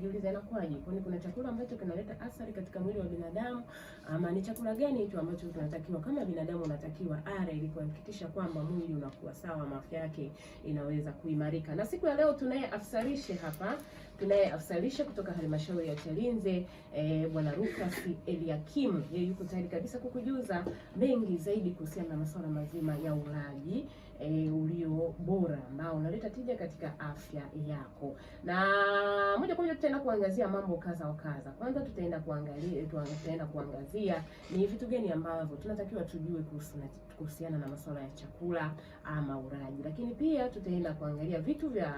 nikajiuliza inakuwaje, kwani kuna chakula ambacho kinaleta athari katika mwili wa binadamu? Ama ni chakula gani hicho ambacho tunatakiwa kama binadamu unatakiwa are ili kuhakikisha kwamba mwili unakuwa sawa, afya yake inaweza kuimarika. Na siku ya leo tunaye afsarishe hapa, tunaye afsarishe kutoka halmashauri ya Chalinze e, eh, bwana Lucas Eliakim, yeye yuko tayari kabisa kukujuza mengi zaidi kuhusiana na masuala mazima ya ulaji e, ulio bora ambao unaleta tija katika afya yako. Na moja kwa moja tutaenda kuangazia mambo kaza wa kaza. Kwanza tutaenda kuangalia tutaenda kuangazia ni vitu gani ambavyo tunatakiwa tujue kuhusiana na masuala ya chakula ama uraji, lakini pia tutaenda kuangalia vitu vya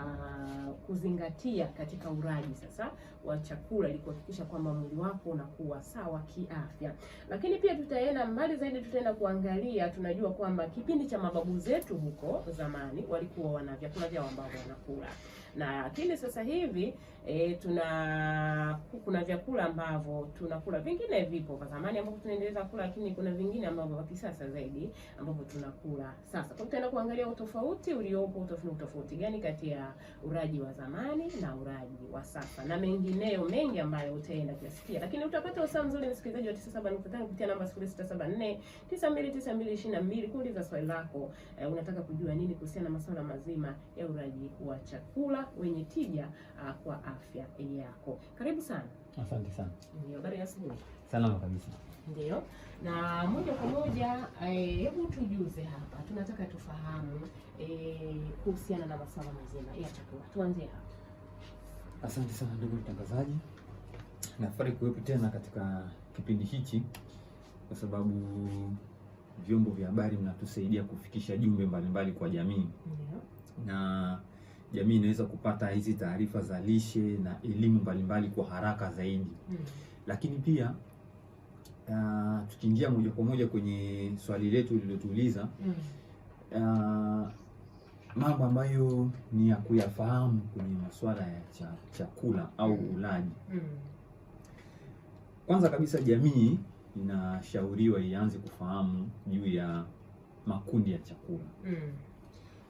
kuzingatia katika uraji sasa wa chakula ili kuhakikisha kwamba mwili wako unakuwa sawa kiafya, lakini pia tutaenda mbali zaidi, tutaenda kuangalia tunajua kwamba kipindi cha mababu zetu huko zamani walikuwa wana vyakula vyao ambavyo wanakula, na lakini sasa hivi e, tuna kuna vyakula ambavyo tunakula, vingine vipo kwa zamani ambavyo tunaendeleza kula, lakini kuna vingine ambavyo kwa kisasa zaidi ambavyo tunakula sasa. Kwa tutaenda kuangalia utofauti uliopo, utofauti gani kati ya uraji wa zamani na uraji wa sasa na mengineyo mengi ambayo utaenda kuyasikia, lakini utapata usawa mzuri, msikilizaji wa 97.5 kupitia namba 0674 929222 kuuliza swali lako e, unataka kuweza kujua nini kuhusiana na masuala mazima ya ulaji wa chakula wenye tija uh, kwa afya yako. Karibu sana. Asante sana. Ndio, habari ya asubuhi. Salama kabisa. Ndio, na moja kwa moja, eh, hebu tujuze hapa, tunataka tufahamu e, kuhusiana na masuala mazima ya chakula, tuanzie hapa. Asante sana ndugu mtangazaji, nafurahi kuwepo tena katika kipindi hichi kwa sababu vyombo vya habari mnatusaidia kufikisha jumbe mbalimbali kwa jamii yeah. na jamii inaweza kupata hizi taarifa za lishe na elimu mbalimbali kwa haraka zaidi mm. Lakini pia uh, tukiingia moja kwa moja kwenye swali letu lililotuuliza mm. uh, mambo ambayo ni ya kuyafahamu kwenye masuala ya chakula au ulaji mm. Kwanza kabisa jamii inashauriwa ianze kufahamu juu ya makundi ya chakula mm.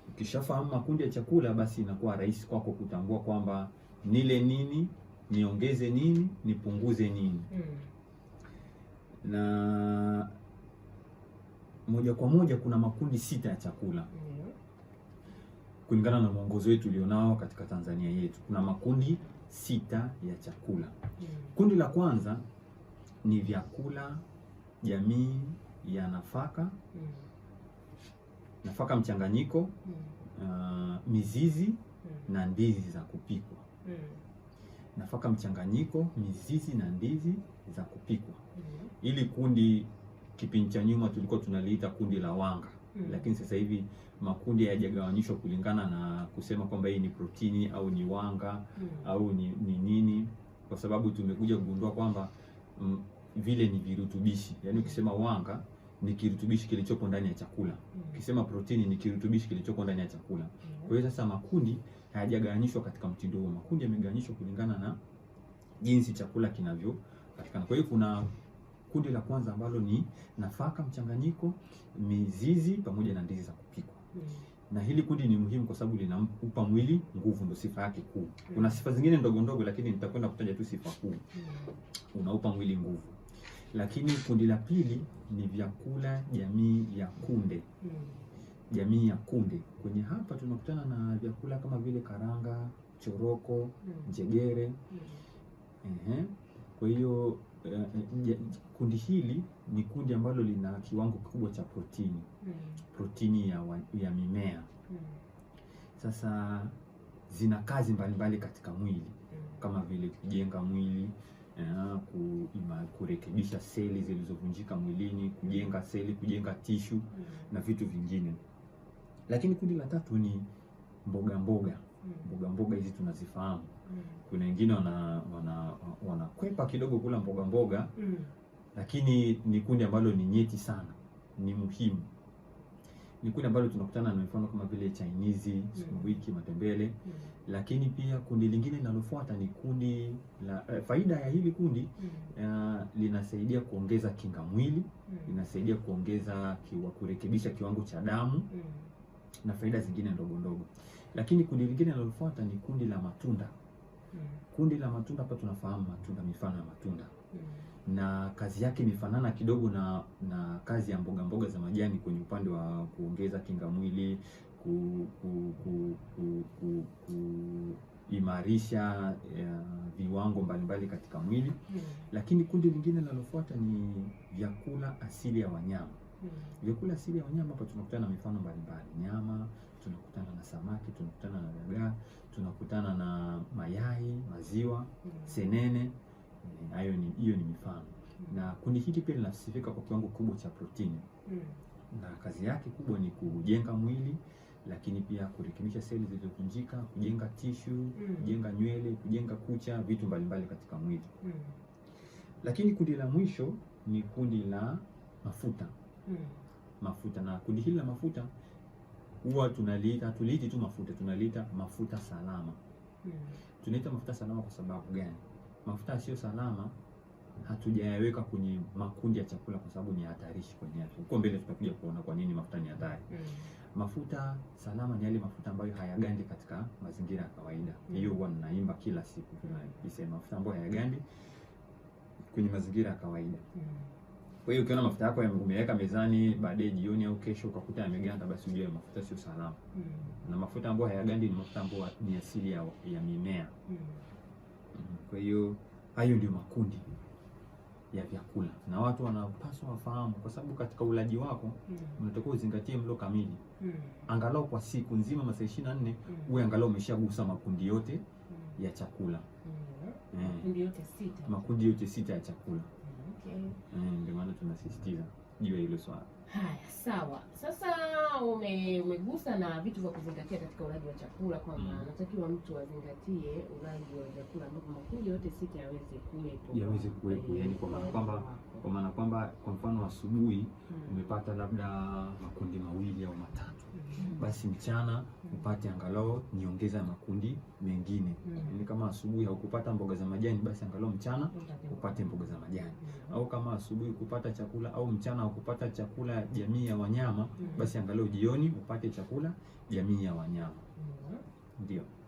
Ukishafahamu makundi ya chakula, basi inakuwa rahisi kwako kutambua kwamba nile nini, niongeze nini, nipunguze nini mm. Na moja kwa moja kuna makundi sita ya chakula mm. Kulingana na mwongozo wetu ulionao katika Tanzania yetu kuna makundi sita ya chakula mm. Kundi la kwanza ni vyakula, jamii ya nafaka mm. nafaka mchanganyiko mm. uh, mizizi mm. na ndizi za kupikwa mm. nafaka mchanganyiko, mizizi na ndizi za kupikwa mm. ili kundi kipindi cha nyuma tulikuwa tunaliita kundi la wanga mm. lakini sasa hivi makundi hayajagawanyishwa kulingana na kusema kwamba hii ni protini au ni wanga mm. au ni, ni nini, kwa sababu tumekuja kugundua kwamba vile ni virutubishi. Yaani ukisema wanga ni kirutubishi kilichopo ndani ya chakula. Mm. Ukisema protini ni kirutubishi kilichopo ndani ya chakula. Mm. Kwa hiyo sasa makundi hayajagawanyishwa katika mtindo huo. Makundi yamegawanyishwa kulingana na jinsi chakula kinavyopatikana. Kwa hiyo kuna kundi la kwanza ambalo ni nafaka mchanganyiko, mizizi pamoja na ndizi za kupikwa. Mm na hili kundi ni muhimu kwa sababu linampa mwili nguvu, ndio sifa yake kuu. Kuna sifa zingine ndogo ndogo, lakini nitakwenda kutaja tu sifa kuu. Unaupa mwili nguvu. Lakini kundi la pili ni vyakula jamii ya kunde, jamii ya kunde. Kwenye hapa tunakutana na vyakula kama vile karanga, choroko, hmm. njegere. Hmm. Ehe, kwa hiyo Eh, eh, kundi hili ni kundi ambalo lina kiwango kikubwa cha protini mm. protini ya, wa, ya mimea mm. Sasa zina kazi mbalimbali katika mwili mm. kama vile kujenga mwili uh, ku, ima, kurekebisha seli zilizovunjika mwilini, kujenga mm. seli, kujenga tishu mm. na vitu vingine, lakini kundi la tatu ni mboga mboga Mm. mboga mboga hizi tunazifahamu. Mm. Kuna wengine wana, wana, wanakwepa kidogo kula mboga mboga mm. Lakini ni kundi ambalo ni nyeti sana, ni muhimu. Ni kundi ambalo tunakutana na mifano kama vile chainizi, mm. sukuma wiki, matembele mm. Lakini pia kundi lingine linalofuata ni kundi la eh, faida ya hili kundi mm. uh, linasaidia kuongeza kinga mwili mm. linasaidia kuongeza kiwa kurekebisha kiwango cha damu mm. na faida zingine ndogo ndogo. Lakini kundi lingine linalofuata ni kundi la matunda. Hmm. Kundi la matunda hapa tunafahamu matunda, mifano ya matunda hmm. na kazi yake imefanana kidogo na na kazi ya mboga mboga za majani kwenye upande wa kuongeza kinga mwili, ku ku, ku, ku, ku, uh, viwango mbalimbali katika mwili mm. Lakini kundi lingine linalofuata ni vyakula asili ya wanyama Hmm. Vyakula asili ya wanyama, hapa tunakutana na mifano mbalimbali: nyama, tunakutana na samaki, tunakutana na dagaa, tunakutana na mayai, maziwa, hmm. senene. Hayo ni hiyo ni mifano, hmm. na kundi hili pia linasifika kwa kiwango kubwa cha protini, na kazi yake kubwa ni kujenga mwili lakini pia kurekebisha seli zilizovunjika, kujenga tishu, kujenga nywele, kujenga kucha, vitu mbalimbali mbali katika mwili. Lakini kundi la mwisho ni kundi la mafuta mm. mafuta. Na kundi hili la mafuta huwa tunaliita, tuliiti tu mafuta, tunaliita mafuta salama mm. Tunaita mafuta salama kwa sababu gani? Mafuta yasiyo salama hatujayaweka kwenye makundi ya chakula kwa sababu ni hatarishi kwenye afya. Huko mbele tutakuja kuona kwa nini mafuta ni hatari mm. Mafuta salama ni yale mafuta ambayo hayagandi katika mazingira ya kawaida. Hmm. Hiyo mm. huwa ninaimba kila siku, tunaisema mafuta ambayo hayagandi kwenye mazingira ya kawaida hmm. Kwa hiyo ukiona mafuta yako umeweka mezani, baadaye jioni au kesho ukakuta yameganda, basi ujue mafuta sio salama. mm. na mafuta ambayo hayagandi ni mafuta ambayo ni asili ya, ya mimea. mm. Kwa hiyo hayo ndio makundi ya vyakula na watu wanapaswa wafahamu, kwa sababu katika ulaji wako mm. unatakiwa uzingatie mlo kamili mm. angalau kwa siku nzima masaa 24 mm. uwe angalau umeshagusa makundi yote mm. ya chakula mm. Mm. makundi yote sita ya chakula okay. Eh, ndio maana tunasisitiza juu ya hilo swala. Haya, sawa. Sasa ume, umegusa na vitu vya kuzingatia katika ulaji wa chakula kwamba mm. natakiwa mtu azingatie ulaji wa chakula ambapo makundi yote sita yaweze kuwepo, yaweze kuwepo, yaani kwa maana eh. kwamba kwa maana kwamba kwa mfano asubuhi mm. umepata labda makundi mawili au matatu mm. basi mchana mm. upate angalau niongeza makundi mengine mm. ni kama asubuhi haukupata mboga za majani, basi angalau mchana upate mboga za majani mm. au kama asubuhi kupata chakula au mchana haukupata chakula jamii ya wanyama, mm-hmm. basi angalau jioni upate chakula jamii ya wanyama, mm-hmm. ndio.